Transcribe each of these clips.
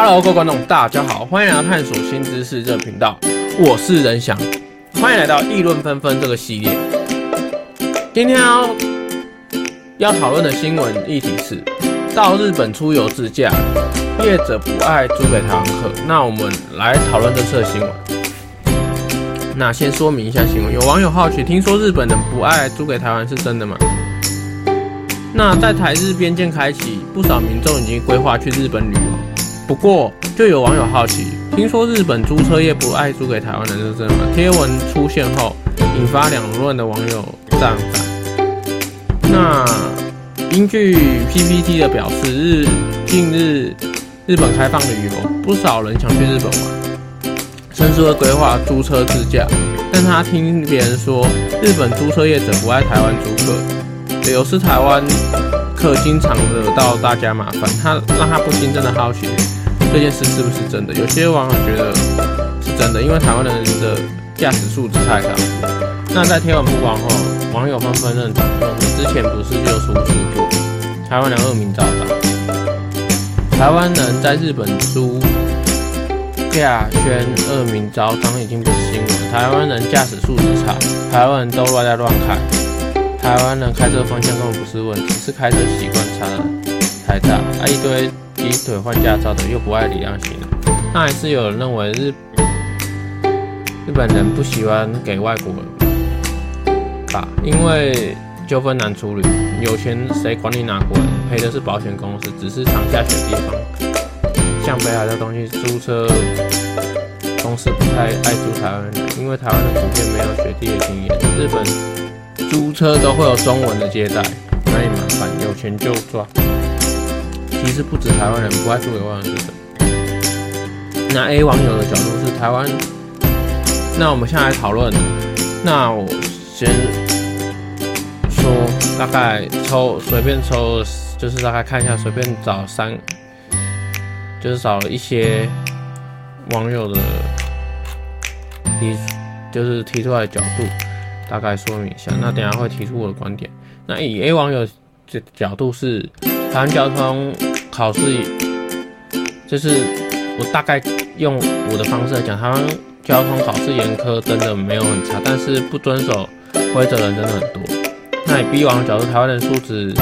Hello，各位觀眾，no. 大家好，歡迎來到探索新知識這個頻道，我是仁翔，歡迎來到議論紛紛這個系列。今天要、啊、要討論的新聞議題是到日本出遊自駕，業者不愛租給臺灣客。那我們來討論這次的新聞。那先說明一下新聞，有網友好奇，聽說日本人不愛租給臺灣是真的嗎？那在台日邊界開啟，不少民眾已經規劃去日本旅遊。不過，就有網友好奇，聽說日本租車業不愛租給台灣人，是真的嗎？貼文出現後，引發兩論的網友讚賞。那，根據 PTT 的表示，日近日日本開放旅遊，不少人想去日本玩，甚至會規劃租車自駕。但他聽別人說，日本租車業者不愛台灣租客，理由是台灣客經常惹到大家麻煩，他讓他不禁真的好奇。這件事是不是真的？有些網友覺得是真的，因為台灣人的駕駛素質太差。那在台灣曝光後，網友紛紛認同。我們之前不是就說不出過台灣人惡名昭彰。台灣人在日本出駕軒惡名昭彰已經不是新聞。台灣人駕駛素質差，台灣人都愛在亂開。台灣人開車方向根本不是問題，是開車習慣差。啊！一堆雞腿換駕照的，又不愛禮讓行人。那還是有人認為日日本人不喜歡給外國人吧，因為糾紛難處理。有錢誰管你哪國人？賠的是保險公司，只是常下雪的地方。像北海道東西租車公司不太愛租台灣人，因為台灣的普遍沒有雪地的經驗。日本租車都會有中文的接待，所以麻煩。有錢就賺。其實不止台灣人不愛租給外國人。那 A 網友的角度是台灣。那我們先來討論。那我先說，大概抽隨便抽，就是大概看一下，隨便找三，就是找一些網友的提，就是提出來的角度，大概說明一下。那等下會提出我的觀點。那以 A 網友。這角度是，台灣交通考試，就是我大概用我的方式來講，台灣交通考試嚴苛真的沒有很差，但是不遵守規則的人真的很多。那以 B 網的角度，台灣人素質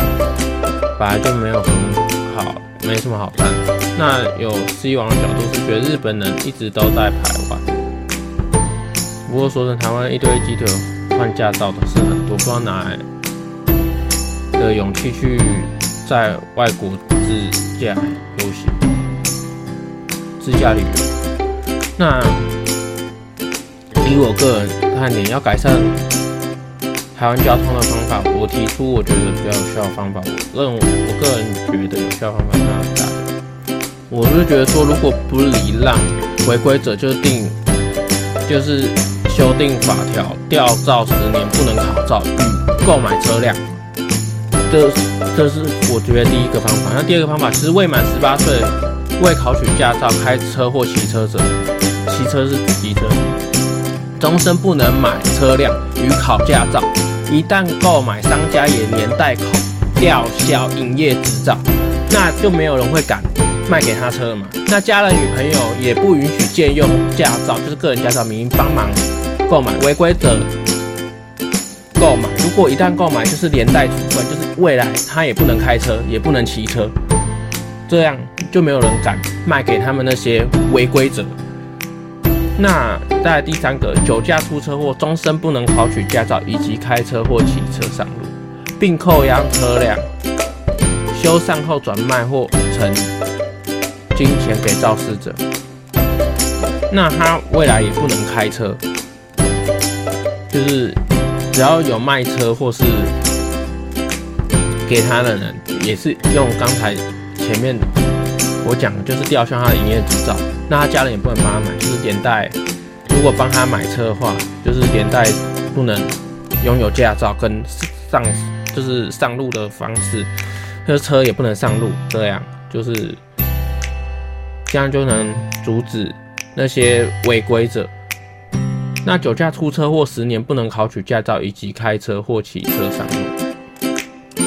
本來就沒有很好，沒什麼好看。那有 C 網的角度是覺得日本人一直都在排外。不過說真的，台灣一堆雞腿，換駕照的是很多，不知道哪來。的勇氣去在外國自駕遊行、自駕旅遊。那以我個人觀點，要改善台灣交通的方法，我提出我覺得比較有效方法，我認為我個人覺得有效方法，那以下的。我是覺得說，如果不禮讓違規者，就定就是修訂法條，吊照十年，不能考照，嗯、購買車輛。這這是我覺得第一個方法，那第二個方法其實未滿十八歲未考取駕照開車或騎車者，騎車是指機車，終身不能買車輛與考駕照，一旦購買商家也連帶扣，吊銷營業執照，那就沒有人會敢賣給他車了嘛。那家人、與朋友也不允許借用駕照，就是個人駕照名義幫忙購買違規者。購買，如果一旦購買，就是連帶處分，就是未來他也不能開車，也不能騎車，這樣就沒有人敢賣給他們那些違規者。那在第三個，酒駕出車禍，終身不能考取駕照以及開車或騎車上路，並扣押車輛，修繕後轉賣或成金錢給肇事者，那他未來也不能開車，就是。只要有賣車或是給他的人，也是用剛才前面我講的，就是吊銷他的營業執照。那他家人也不能幫他買，就是連帶。如果幫他買車的話，就是連帶不能擁有駕照跟上，就是上路的方式，這、就是、車也不能上路。這樣、啊、就是這樣就能阻止那些違規者。那酒駕出車禍，十年不能考取駕照以及開車或騎車上路，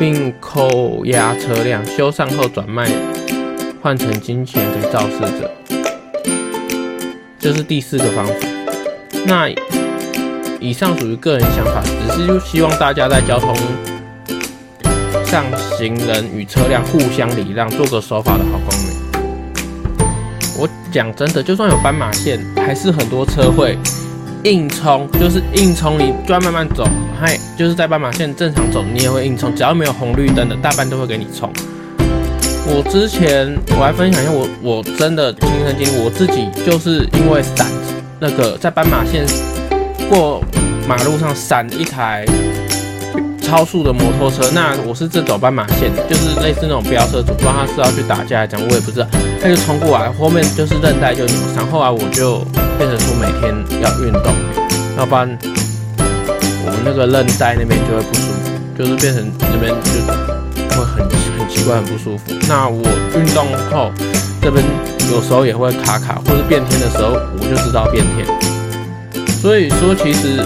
並扣押車輛，修繕後轉賣換成金錢給肇事者，這是第四個方法。那以上屬於個人想法，只是就希望大家在交通上行人與車輛互相禮讓，做個守法的好公民。我講真的，就算有斑馬線，還是很多車會硬衝，就是硬衝你就要慢慢走，還就是在斑馬線正常走，你也會硬衝。只要沒有紅綠燈的，大半都會給你衝。我之前我還分享一下，我我真的親身經歷，我自己就是因為閃那個在斑馬線過馬路上閃一台。超速的摩托車，那我是直走斑馬線，就是類似那種飆車主，不知道他是要去打架來講，我也不知道，他就衝過來，後面就是韌帶就扭傷，後來我就變成說每天要運動，要不然我們那個韌帶那邊就會不舒服，就是變成那邊就會很很奇怪，很不舒服。那我運動後，這邊有時候也會卡卡，或是變天的時候我就知道變天，所以說其實。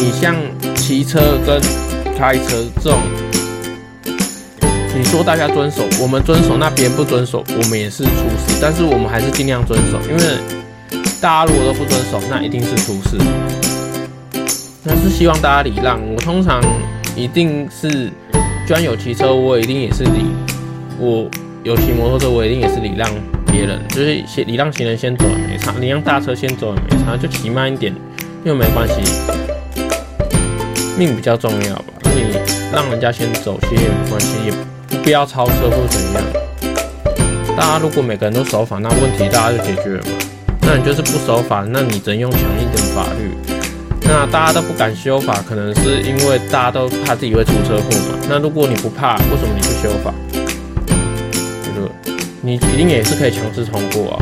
你像騎車跟開車這種，你說大家遵守，我們遵守，那別人不遵守，我們也是出事。但是我們還是盡量遵守，因為大家如果都不遵守，那一定是出事。那是希望大家禮讓。我通常一定是，既然有騎車，我一定也是禮；我有騎摩托車，我一定也是禮讓別人，就是先禮讓行人先走也沒差，禮讓大車先走也沒差，就騎慢一點又沒關係。命比較重要吧，那你讓人家先走，其實也沒關係，也不必要超車或怎樣。大家如果每個人都守法，那問題大家就解決了嘛。那你就是不守法，那你只能用強硬的法律。那大家都不敢修法，可能是因為大家都怕自己會出車禍嘛。那如果你不怕，為什麼你不修法？就是你一定也是可以強制通過啊。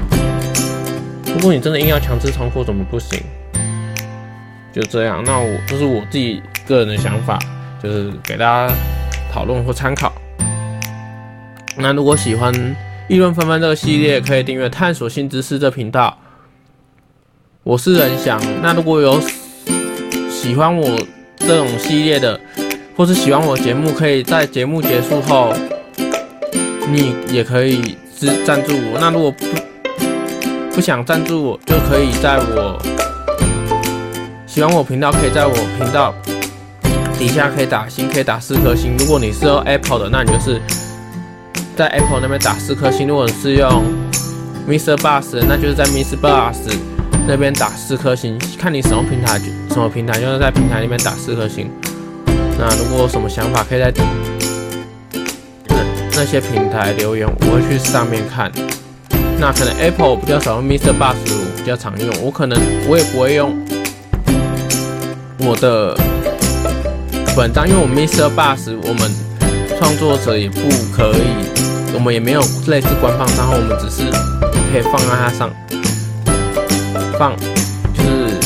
如果你真的硬要強制通過，怎麼不行？就這樣，那我就是我自己，個人的想法就是給大家討論或參考。那如果喜歡《議論紛紛》這個系列，可以訂閱《探索新知識》這頻道。我是仁翔。那如果有喜歡我這種系列的，或是喜歡我節目，可以在節目結束後，你也可以支贊助我。那如果不不想贊助我，就可以在我喜歡我頻道，可以在我頻道。底下可以打星，可以打四顆星。如果你是用 Apple 的，那你就是在 Apple 那邊打四顆星；如果你是用 Mr. Bus，那就是在 Mr. Bus 那邊打四顆星。看你什麼平台什麼平台，就是在平台那邊打四顆星。那如果有什麼想法，可以在那那些平台留言，我會去上面看。那可能 Apple 比較少用，Mr. Bus 比較常用，我可能我也不會用我的。本章，因為我們 MixerBox 我們創作者也不可以，我們也沒有類似官方賬號，我們只是可以放在它上放，放就是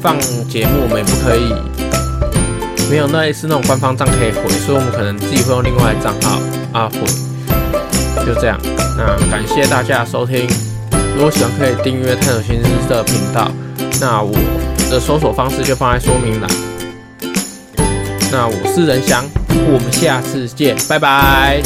放節目，我們也不可以，沒有類似那種官方賬號可以回，所以我們可能自己會用另外賬號啊回，就這樣。那感謝大家的收聽，如果喜歡可以訂閱探索新知識的頻道，那我的搜索方式就放在說明欄。那我是仁翔，我們下次見，拜拜。